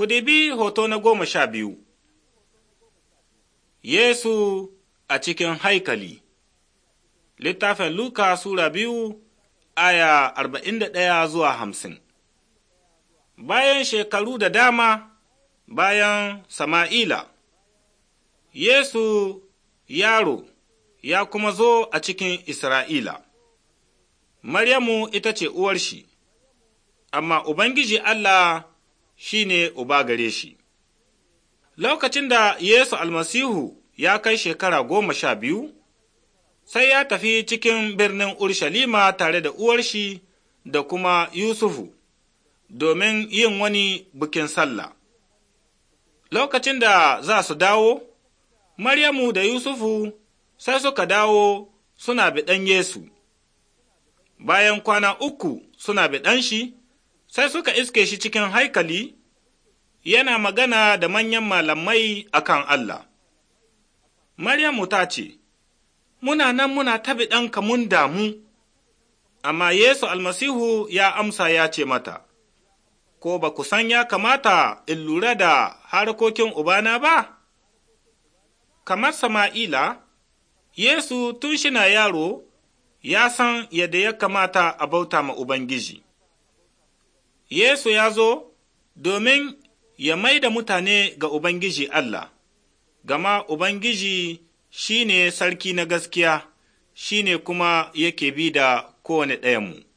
Ku dibi hoto na goma sha biyu Yesu a cikin haikali Littafin Luka Sura biyu aya arba'in da ɗaya zuwa hamsin Bayan shekaru da dama bayan Sama'ila, Yesu yaro ya kuma zo a cikin Isra'ila. Maryamu ita ce uwar shi, amma Ubangiji Allah shi ne uba gare shi. Lokacin da Yesu almasihu ya kai shekara goma sha biyu, sai ya tafi cikin birnin Urshalima tare da uwar shi da kuma Yusufu domin yin wani bukin sallah. Lokacin da za su dawo, Maryamu da Yusufu sai suka dawo suna biɗan Yesu. Bayan kwana uku suna biɗan shi, sai suka iske shi cikin haikali yana magana da manyan malamai a kan Allah. Maryamu ta ce, Muna nan muna tabi ɗanka mun damu, amma Yesu almasihu ya amsa ya ce mata, Ko ba ku san ya kamata in lura da harkokin Ubana ba? Kamar Sama'ila, Yesu tun shina yaro ya san yadda ya kamata a bauta ma Ubangiji. Yesu ya zo domin ya mai da mutane ga Ubangiji Allah, gama Ubangiji shi ne sarki na gaskiya, shi ne kuma yake bi da kowane ɗayanmu.